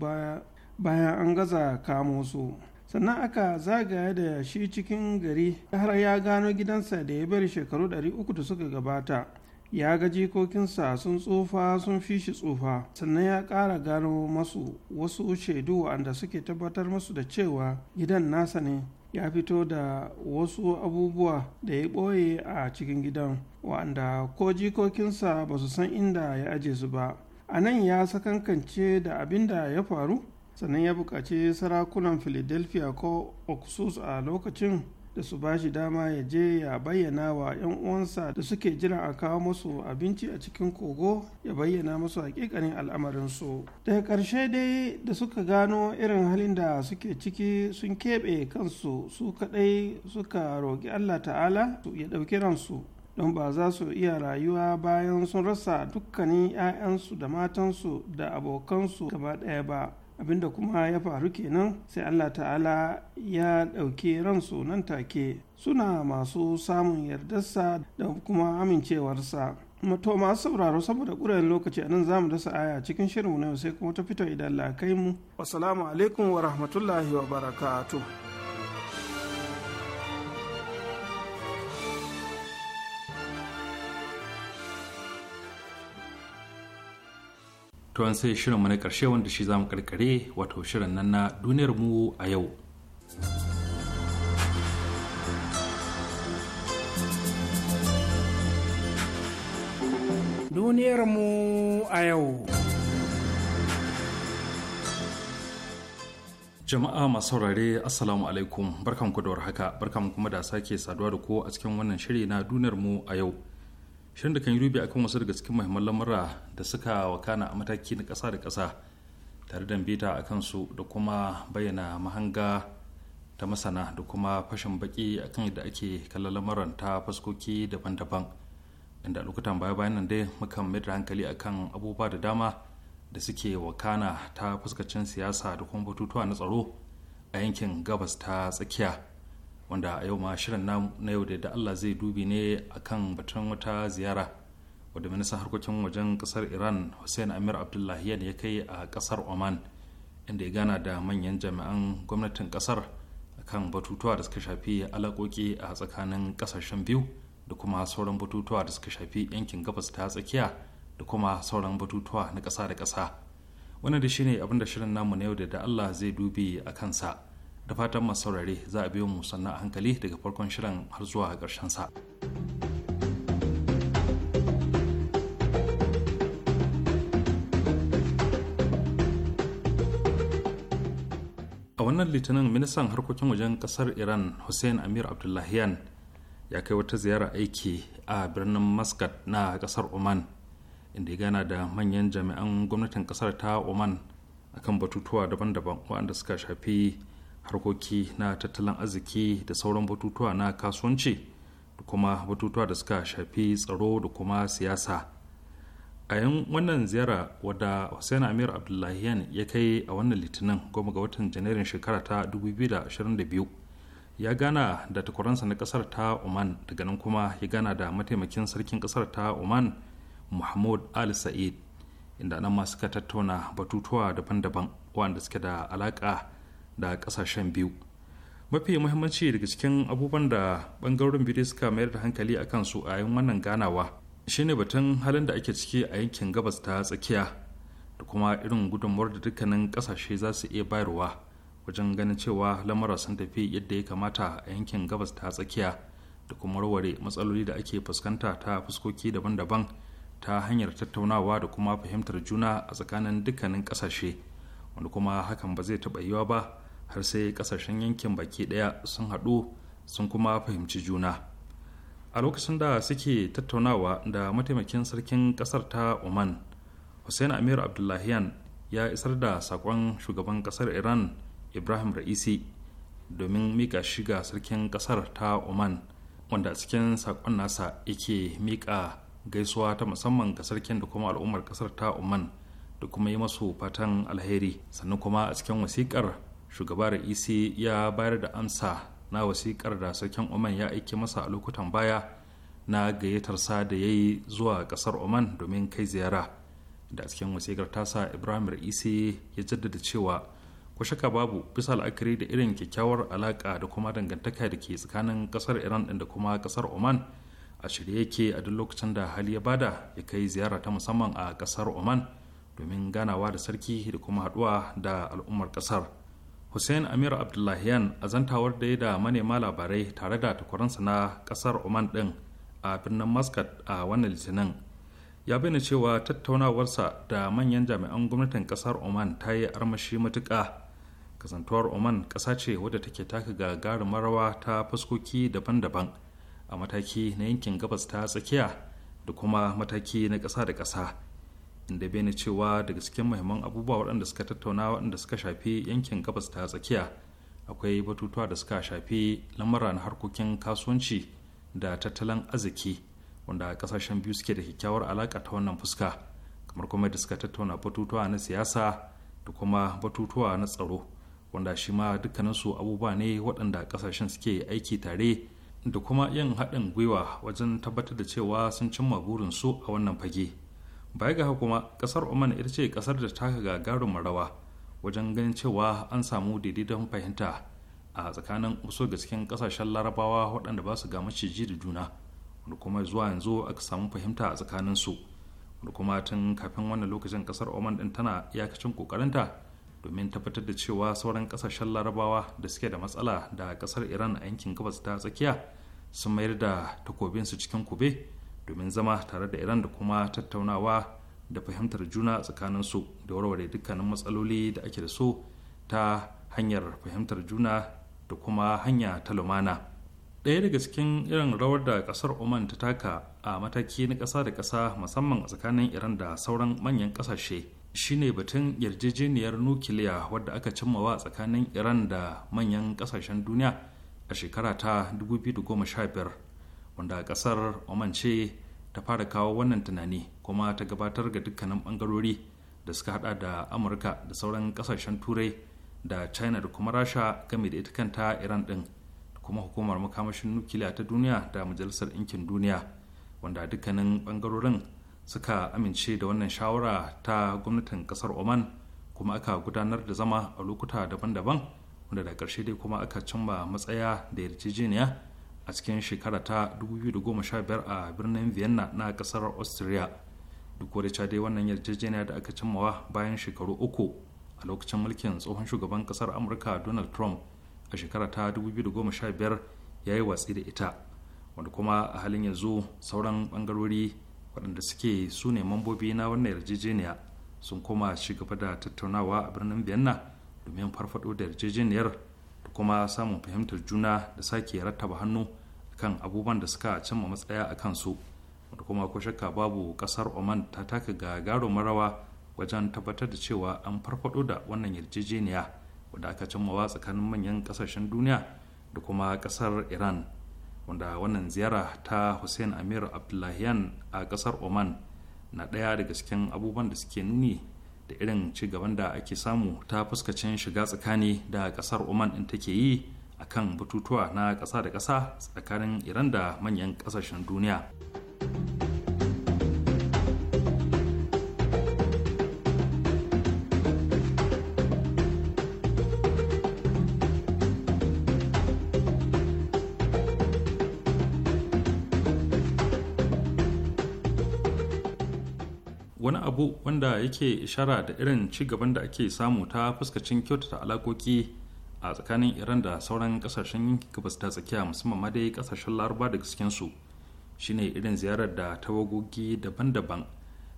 bayan an gaza kamo su sannan aka zagaya da shi cikin gari har ya gano gidansa da ya bar shekaru 300 da suka gabata ya ga jikokinsa sun tsufa sun fi shi tsufa sannan ya ƙara gano masu wasu shaidu wanda suke tabbatar masu da cewa gidan nasa ne ya fito da wasu abubuwa da ya ɓoye a cikin gidan wa'anda ko jikokinsa ba su san inda ya aje su ba a nan ya sakankance da abin da ya faru sannan ya buƙaci sarakunan philadelphia ko oxus a lokacin da su bashi dama ya je ya bayyana wa 'yan uwansa da suke jiran a kawo musu abinci a cikin kogo ya bayyana musu hakikanin al'amarinsu daga karshe dai da suka gano irin halin da suke ciki sun keɓe kansu su kaɗai suka roki allah ta'ala ya ɗauki ransu don ba za su iya rayuwa bayan sun rasa dukkanin 'ya'yansu da matansu da abokansu gaba ɗaya ba abinda kuma ya faru kenan sai allah ta'ala ya ɗauki ransu nan take suna masu samun yardarsa da kuma amincewarsa mato masu sauraro saboda ƙurayen lokaci a nan za mu dasa aya cikin shirinmu na yau sai kuma ta fito idan la kai mu wasalamu alaikum wa rahmatullahi wa barakatuh to an sai shirin mu na karshe wanda shi zamu karkare wato shirin nan na duniyar mu a yau duniyar mu a yau jama'a masu saurare assalamu alaikum barkanku da warhaka barkanku kuma da sake saduwa da ku a cikin wannan shiri na duniyar mu a yau shirin da kan yi rubi akan wasu daga cikin muhimman lamura da suka wakana a mataki na ƙasa da kasa tare da bita a kansu da kuma bayyana mahanga ta masana da kuma fashin baki akan yadda ake kallon lamuran ta faskoki daban-daban inda lokutan baya-bayan nan dai mukan mai da hankali akan abubuwa da dama da suke wakana ta fuskacin siyasa da kuma batutuwa na tsaro a yankin gabas ta tsakiya wanda a yau ma shirin na yau da Allah zai dubi ne akan batun wata ziyara wadda ministan harkokin wajen kasar iran hussein amir abdullahi ya kai a kasar oman inda ya gana da manyan jami'an gwamnatin kasar kan batutuwa da suka shafi alaƙoƙi a tsakanin kasashen biyu da kuma sauran batutuwa da suka shafi yankin gabas ta tsakiya da kuma sauran batutuwa na ƙasa da kasa wannan da shine abin da shirin namu na yau da Allah zai dubi a kansa da fatan masu saurare za a biyo mu sannan a hankali daga farkon shirin har zuwa ƙarshen sa. A wannan litinin ministan harkokin wajen kasar Iran Hussein Amir Abdullahian ya kai wata ziyara aiki a birnin Muscat na kasar Oman inda ya gana da manyan jami'an gwamnatin kasar ta Oman akan batutuwa daban-daban waɗanda suka shafi harkoki na tattalin arziki da sauran batutuwa na kasuwanci da kuma batutuwa da suka shafi tsaro da kuma siyasa a yan wannan ziyara wadda hussein amir abdullahian ya kai a wannan litinin goma ga watan janairun shekara ta 2022 ya gana da takwaransa na kasar ta oman daga nan kuma ya gana da mataimakin sarkin kasar ta oman mahmud al sa'id inda nan ma suka tattauna batutuwa daban-daban wanda suke da alaƙa. da kasashen biyu mafi muhimmanci daga cikin abubuwan da bangaren biyu suka mayar da hankali a kansu a yin wannan ganawa shine batun halin da ake ciki a yankin gabas ta tsakiya da kuma irin gudunmuwar da dukkanin kasashe za su iya bayarwa wajen ganin cewa lamura sun tafi yadda ya kamata a yankin gabas ta tsakiya da kuma warware matsaloli da ake fuskanta ta fuskoki daban-daban ta hanyar tattaunawa da kuma fahimtar juna a tsakanin dukkanin kasashe wanda kuma hakan ba zai taɓa yiwa ba har sai kasashen yankin baki daya sun haɗu sun kuma fahimci juna a lokacin da suke tattaunawa da mataimakin sarkin kasar ta oman hussein amir abdullahian ya isar da saƙon shugaban kasar iran ibrahim ra'isi domin mika shiga sarkin kasar ta oman wanda a cikin saƙon nasa yake mika gaisuwa ta musamman ga sarkin da kuma al'ummar kasar ta oman da kuma yi masu fatan alheri sannan kuma a cikin wasiƙar. shugaba ec ya bayar da amsa na wasikar da sarkin oman ya aiki masa a lokutan baya na gayyatarsa da ya yi zuwa kasar oman domin kai ziyara da cikin wasikar tasa ibrahim ra'isi ya jaddada cewa ku shaka babu bisa la'akari da irin kyakkyawar alaka da kuma dangantaka da ke tsakanin kasar iran din da kuma kasar oman a shirye yake a duk lokacin da hali ya bada ya kai ziyara ta musamman a kasar oman domin ganawa da sarki da kuma haɗuwa da al'ummar kasar hussein amir abdullahian azantawar zantawar da ya da manema labarai tare da takwaransa na kasar oman din a birnin muscat a wannan litinin ya bayyana cewa tattaunawarsa da manyan jami'an gwamnatin kasar oman ta yi armashi matuƙa kasantuwar oman ƙasa ce wadda take taka gagarumin rawa ta fuskoki daban-daban a mataki na yankin gabas ta tsakiya da kuma mataki na ƙasa da ƙasa inda bai cewa daga cikin muhimman abubuwa waɗanda suka tattauna waɗanda suka shafi yankin gabas ta tsakiya akwai batutuwa da suka shafi lamura na harkokin kasuwanci da tattalin arziki wanda kasashen biyu suke da kyakkyawar alaƙa ta wannan fuska kamar kuma da suka tattauna batutuwa na siyasa da kuma batutuwa na tsaro wanda shi ma dukkaninsu abubuwa ne waɗanda kasashen suke aiki tare da kuma yin haɗin gwiwa wajen tabbatar da cewa sun cimma burinsu a wannan fage. baya ga kuma kasar oman ita ce kasar da taka garin rawa wajen ganin cewa an samu daidaiton fahimta a tsakanin wasu ga cikin kasashen larabawa waɗanda ba su ga maciji da juna wanda kuma zuwa yanzu aka samu fahimta a tsakanin su wanda kuma tun kafin wannan lokacin kasar oman din tana iyakacin kokarinta domin tabbatar da cewa sauran kasashen larabawa da suke da matsala da kasar iran a yankin gabas ta tsakiya sun mayar da takobinsu cikin kube domin zama tare da iran da kuma tattaunawa da fahimtar juna tsakanin su da warware dukkanin matsaloli da ake da su ta hanyar fahimtar juna da kuma hanya ta lumana ɗaya daga cikin irin rawar da ƙasar oman ta taka a mataki na ƙasa da ƙasa musamman a tsakanin iran da sauran manyan ƙasashe shine batun yarjejeniyar nukiliya wadda aka cimma wa tsakanin iran da manyan ƙasashen duniya a shekara ta 2015 wanda kasar oman ce ta fara kawo wannan tunani kuma ta gabatar ga dukkanin bangarori da suka hada da amurka da sauran kasashen turai da china da kuma rasha game da ita kanta iran din kuma hukumar makamashin nukiliya ta duniya da majalisar ɗinkin duniya wanda dukkanin bangarorin suka amince da wannan shawara ta gwamnatin kasar oman kuma aka gudanar da zama a lokuta daban-daban wanda da ƙarshe dai kuma aka cimma matsaya da yarjejeniya a cikin shekara ta 2015 a birnin vienna na kasar austria duk da ca dai wannan yarjejeniya da aka cimmawa bayan shekaru uku a lokacin mulkin tsohon shugaban kasar amurka donald trump a shekara ta 2015 ya yi watsi da ita wanda kuma a halin yanzu sauran bangarori waɗanda suke su ne mambobi na wannan yarjejeniya sun koma shigaba da tattaunawa a birnin vienna domin farfado da yarjejeniyar kuma samun fahimtar juna da sake rattaba hannu kan abubuwan da suka cimma matsaya a kansu wanda kuma ko shakka babu kasar oman ta taka ga garo marawa wajen tabbatar da cewa an farfado da wannan yarjejeniya wadda aka cimmawa tsakanin manyan kasashen duniya da kuma kasar iran wanda wannan ziyara ta hussein amir abdullahian a kasar oman na ɗaya daga cikin abubuwan da suke nuni da irin ci gaban da ake samu ta fuskacin shiga tsakani da kasar oman din take yi a kan batutuwa na ƙasa da ƙasa tsakanin iran da manyan ƙasashen duniya. wanda yake ishara da irin ci gaban da ake samu ta fuskacin kyautata alakoki a tsakanin iran da sauran kasashen yankin gabas ta tsakiya musamman ma dai kasashen laraba da su shine irin ziyarar da tawagogi daban-daban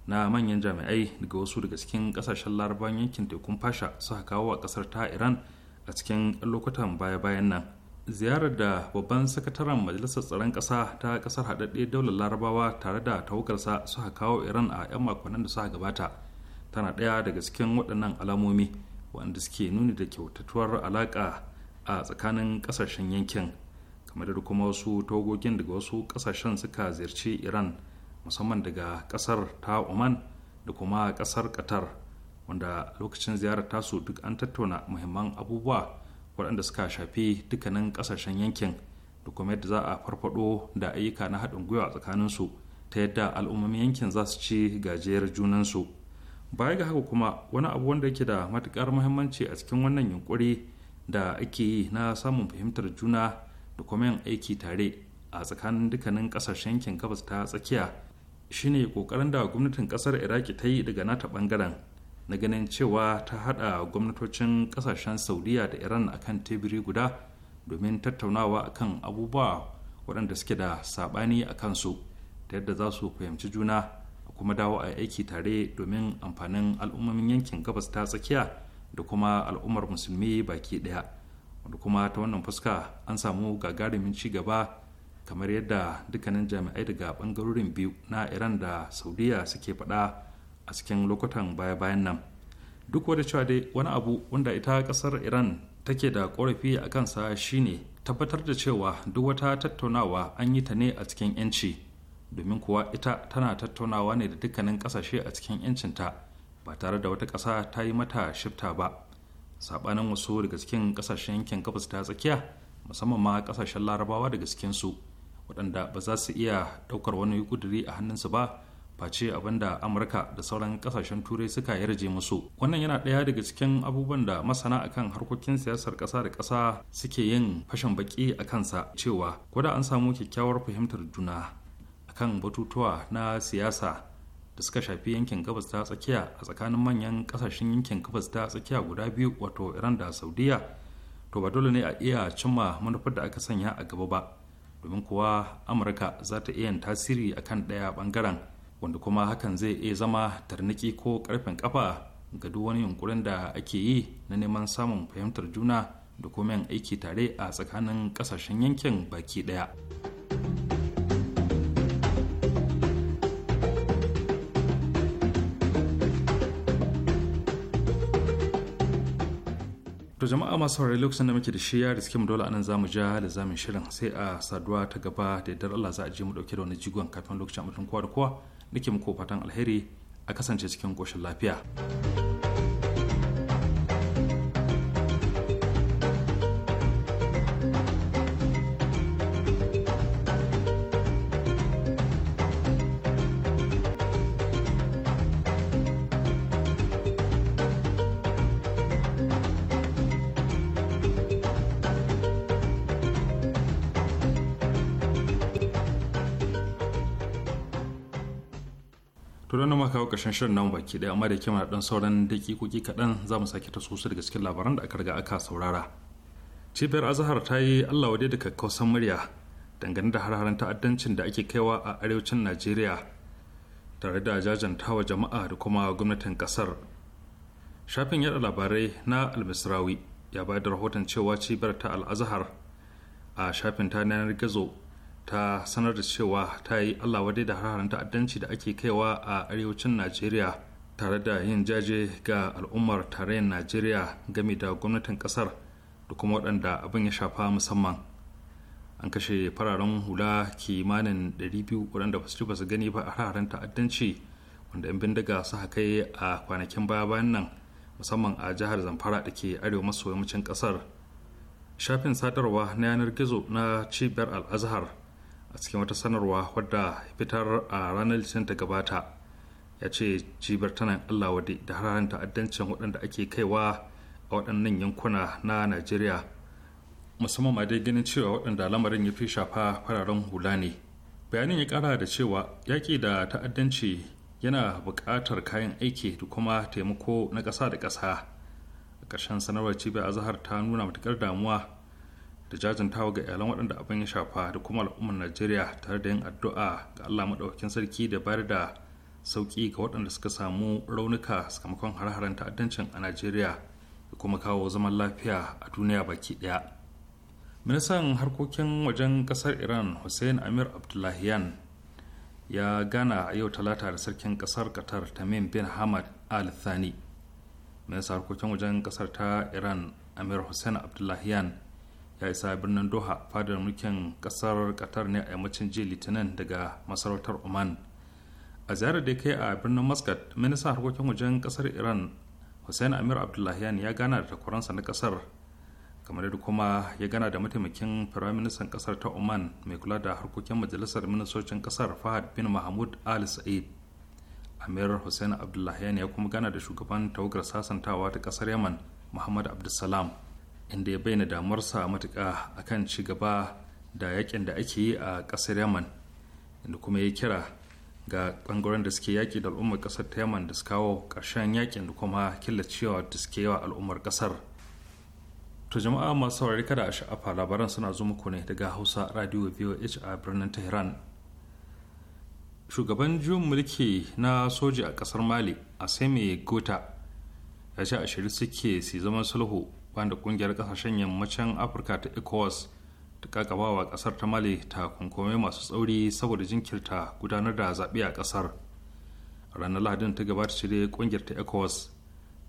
na manyan jami'ai daga wasu daga cikin kasashen laraban yankin tekun fasha suka kawo a kasar ta iran a cikin lokutan baya-bayan nan ziyarar da babban sakataren majalisar tsaron ƙasa ta ƙasar haɗaɗɗe daular larabawa tare da tawagarsa suka kawo iran a 'yan makonnin da suka gabata tana ɗaya daga cikin waɗannan alamomi wanda suke nuni da kyautatuwar alaƙa a tsakanin ƙasashen yankin kamar da kuma wasu togogin daga wasu ƙasashen suka ziyarci iran musamman daga ƙasar ta oman da kuma ƙasar qatar wanda lokacin ziyarar tasu duk an tattauna muhimman abubuwa waɗanda suka shafi dukkanin ƙasashen yankin da kuma yadda za a farfado da ayyuka na haɗin gwiwa a tsakaninsu ta yadda al'ummomin yankin za su ci gajiyar junansu baya ga haka kuma wani abu wanda yake da matuƙar muhimmanci a cikin wannan yunƙuri da ake yi na samun fahimtar juna da kuma yin aiki tare a tsakanin dukkanin ƙasashen yankin gabas ta tsakiya shine kokarin da gwamnatin ƙasar iraki ta yi daga nata ɓangaren na ganin cewa ta hada gwamnatocin kasashen saudiya da iran akan tebiri guda domin tattaunawa a kan abubuwa waɗanda suke da saɓani a kansu ta yadda za su fahimci juna a kuma dawo a aiki tare domin amfanin al'ummomin yankin gabas ta tsakiya da kuma al'ummar musulmi baki ɗaya wanda kuma ta wannan fuska an samu gagarumin ci gaba kamar yadda dukkanin jami'ai daga ɓangarorin biyu na iran da saudiya suke faɗa a cikin lokutan baya-bayan nan duk wadda cewa dai wani abu wanda ita kasar iran take da korafi a kansa shine tabbatar da cewa duk wata tattaunawa an yi ta ne a cikin 'yanci domin kuwa ita tana tattaunawa ne da dukkanin kasashe a cikin 'yancinta ba tare da wata kasa ta yi mata shifta ba saɓanin wasu daga cikin ƙasashen yankin gabas ta tsakiya musamman ma ƙasashen larabawa daga cikin su waɗanda ba za su iya ɗaukar wani ƙuduri a hannunsu ba face abin da amurka da sauran kasashen turai suka yarje musu wannan yana ɗaya daga cikin abubuwan da masana akan harkokin siyasar ƙasa da ƙasa suke yin fashin baki a kansa cewa da an samu kyakkyawar fahimtar juna akan batutuwa na siyasa da suka shafi yankin gabas ta tsakiya a tsakanin manyan kasashen yankin gabas ta tsakiya guda biyu wato iran da saudiya to ba dole ne a iya cimma manufar da aka sanya a gaba ba domin kuwa amurka za ta iya tasiri akan ɗaya bangaren wanda kuma hakan zai iya zama tarniki ko karfin kafa ga duk wani yunkurin da ake yi na neman samun fahimtar juna da kuma yin aiki tare a tsakanin kasashen yankin baki daya. To jama'a masu saurari lokacin da muke da shi ya riske mu dole anan zamu ja da zamin shirin sai a saduwa ta gaba da yadda Allah za a je mu dauke da wani jigon kafin lokacin mutum kowa da kowa muke muku fatan alheri a kasance cikin ƙoshin lafiya. karshen shirin namu baki daya amma da mana dan sauran dakikoki kaɗan za mu sake ta su daga cikin labaran da aka riga aka saurara cibiyar azahar ta yi allah wade da kakkausan murya dangane da har ta'addancin da ake kaiwa a arewacin najeriya tare da jajantawa jama'a da kuma gwamnatin kasar shafin yada labarai na almisrawi ya bayar da rahoton cewa cibiyar ta alazahar a shafin ta yanar gizo ta sanar da cewa ta yi allah wadai da harharen ta'addanci da ake kaiwa a arewacin najeriya tare da yin jaje ga al'ummar tarayyar najeriya game da gwamnatin kasar da kuma waɗanda abin ya shafa musamman an kashe fararen hula kimanin 200 waɗanda basu ji basu ba su gani ba a harharen ta'addanci wanda 'yan bindiga su kai a kwanakin baya bayan nan musamman a jihar zamfara da ke arewa maso yammacin kasar shafin sadarwa na yanar gizo na cibiyar al'azhar a cikin wata sanarwa wadda fitar a ranar litinin ta gabata ya ce cibiyar tana allah wade da hararin ta'addancin waɗanda ake kaiwa a waɗannan yankuna na najeriya musamman ma dai ganin cewa waɗanda lamarin ya fi shafa fararen hula ne bayanin ya ƙara da cewa yaƙi da ta'addanci yana buƙatar kayan aiki da kuma taimako na ƙasa da ƙasa a ƙarshen sanarwar cibiyar azahar ta nuna matuƙar damuwa da jajantawa ga iyalan waɗanda abin ya shafa da kuma al'ummar najeriya tare da yin addu'a ga allah maɗaukakin sarki da bayar da sauƙi ga waɗanda suka samu raunuka sakamakon hare-haren ta'addancin a najeriya da kuma kawo zaman lafiya a duniya baki ɗaya ministan harkokin wajen ƙasar iran hussein amir abdullahian ya gana a yau talata da sarkin ƙasar qatar tamim bin hamad al thani ministan harkokin wajen ƙasar ta iran amir hussein abdullahian ya isa birnin doha fadar mulkin kasar qatar ne a yammacin jiya litinin daga masarautar oman a ziyarar da kai a birnin muscat ministan harkokin wajen kasar iran hussein amir abdullahian ya gana da takwaransa na kasar kamar da kuma ya gana da mataimakin firayim Ministan kasar ta oman mai kula da harkokin majalisar ministocin kasar fahad bin mahmud al sa'id amir hussein abdullahian ya kuma gana da shugaban tawagar sasantawa ta kasar yaman muhammad abdulsalam inda ya bayyana damarsa matuƙa kan ci gaba da yakin da ake yi a ƙasar yaman inda kuma ya kira ga ɓangaren da suke yaƙi da al'ummar ƙasar ta yaman da su kawo ƙarshen yakin da kuma killacewa da suke yawa al'ummar ƙasar to jama'a masu saurari kada a sha'afa labaran suna zo muku ne daga hausa radio voh a birnin tehran shugaban juyin mulki na soji a ƙasar mali a seme gota ya ce a suke su zama sulhu wanda da kungiyar kasashen yammacin afirka ta ecowas ta kakaba wa kasar ta mali ta takunkumai masu tsauri saboda jinkirta gudanar da zaɓe a kasar ranar lahadin ta gabata shirye kungiyar ta ecowas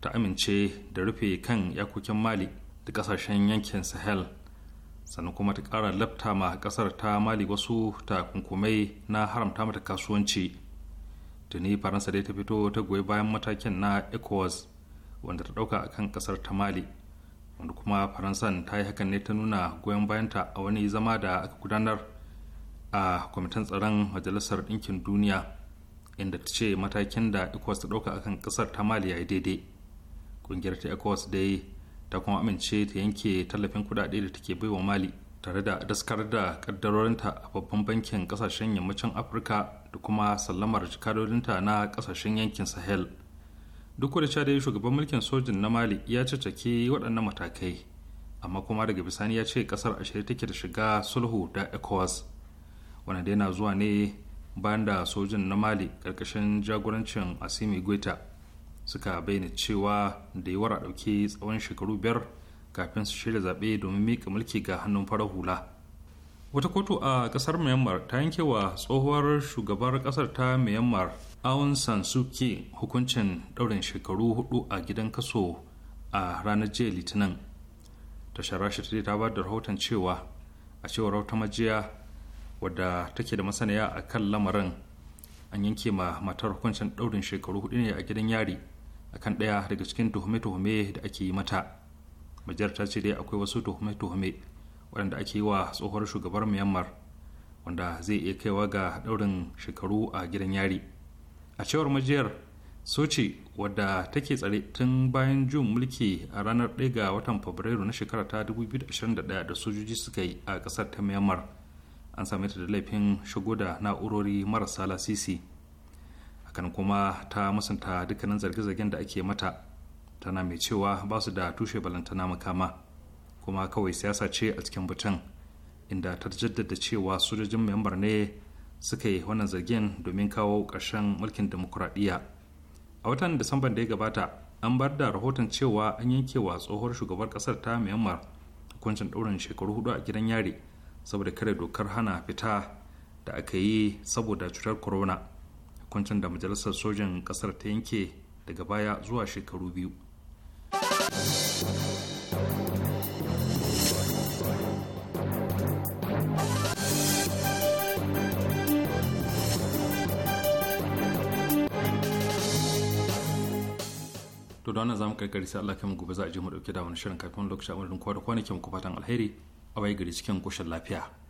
ta amince da rufe kan yakokin mali da kasashen yankin sahel sannan kuma ta kara lafta ma kasar ta mali wasu takunkumai na haramta mata kasuwanci tuni faransa dai ta fito ta goyi bayan matakin na ecowas wanda ta ɗauka akan kasar ta mali wanda kuma faransan ta yi hakan ne ta nuna goyon bayanta a wani zama da aka gudanar a kwamitin tsaron majalisar ɗinkin duniya inda ta ce matakin da ecowas ta ɗauka akan ƙasar ta mali ya yi daidai ƙungiyar ta ecowas dai ta kuma amince ta yanke tallafin kuɗaɗe da take wa mali tare da daskar da ƙaddarorinta a babban bankin ƙasashen yammacin afirka da kuma sallamar jikadorinta na ƙasashen yankin sahel duk da cewa dai shugaban mulkin sojin na mali ya caccake waɗannan matakai amma kuma daga bisani ya ce kasar a shirye take da shiga sulhu da ecowas wanda dai na zuwa ne bayan da sojin na mali ƙarƙashin jagorancin asimi goita suka bayyana cewa da yawar a ɗauki tsawon shekaru biyar kafin su shirya zaɓe domin mika mulki ga hannun farar hula wata kotu a ƙasar myanmar ta yanke wa tsohuwar shugabar ƙasar ta myanmar Suu suke hukuncin ɗaurin shekaru hudu a gidan kaso a ranar jiya litinin tashar rashid ta ba da rahoton cewa a cewar wata majiya wadda take da masaniya a kan lamarin an yanke ma matar hukuncin ɗaurin shekaru hudu ne a gidan yari a kan ɗaya daga cikin tuhume-tuhume da ake yi mata majiyar ta ce dai akwai wasu tuhume-tuhume waɗanda ake yi wa tsohuwar shugabar myanmar wanda zai iya kaiwa ga ɗaurin shekaru a gidan yari a cewar majiyar soci wadda take tsare tun bayan jun mulki a ranar 1 ga watan fabrairu na shekara ta 2021 da sojoji suka yi a kasar ta myanmar an same ta da laifin shigo da na'urori marasa lasisi hakan kuma ta musanta dukkanin zarge-zargen da ake mata tana mai cewa ba su da tushe balantana makama kuma kawai siyasa ce a cikin batun inda ta jaddada cewa sojojin myanmar ne suka yi wannan zargin domin kawo ƙarshen mulkin demokuraɗiyya a watan disamban da ya gabata an bar da rahoton cewa an yanke wa tsohuwar shugabar ƙasar ta myanmar hukuncin ɗaurin shekaru hudu a gidan yari saboda kare dokar hana fita da aka yi saboda cutar corona hukuncin da majalisar sojan ƙasar ta yanke daga baya zuwa shekaru biyu to da wannan zamu karkari sai Allah kai mu gobe za a je mu dauke da wani shirin kafin lokacin amurin kwa da kwanakin ku fatan alheri a bai gari cikin koshin lafiya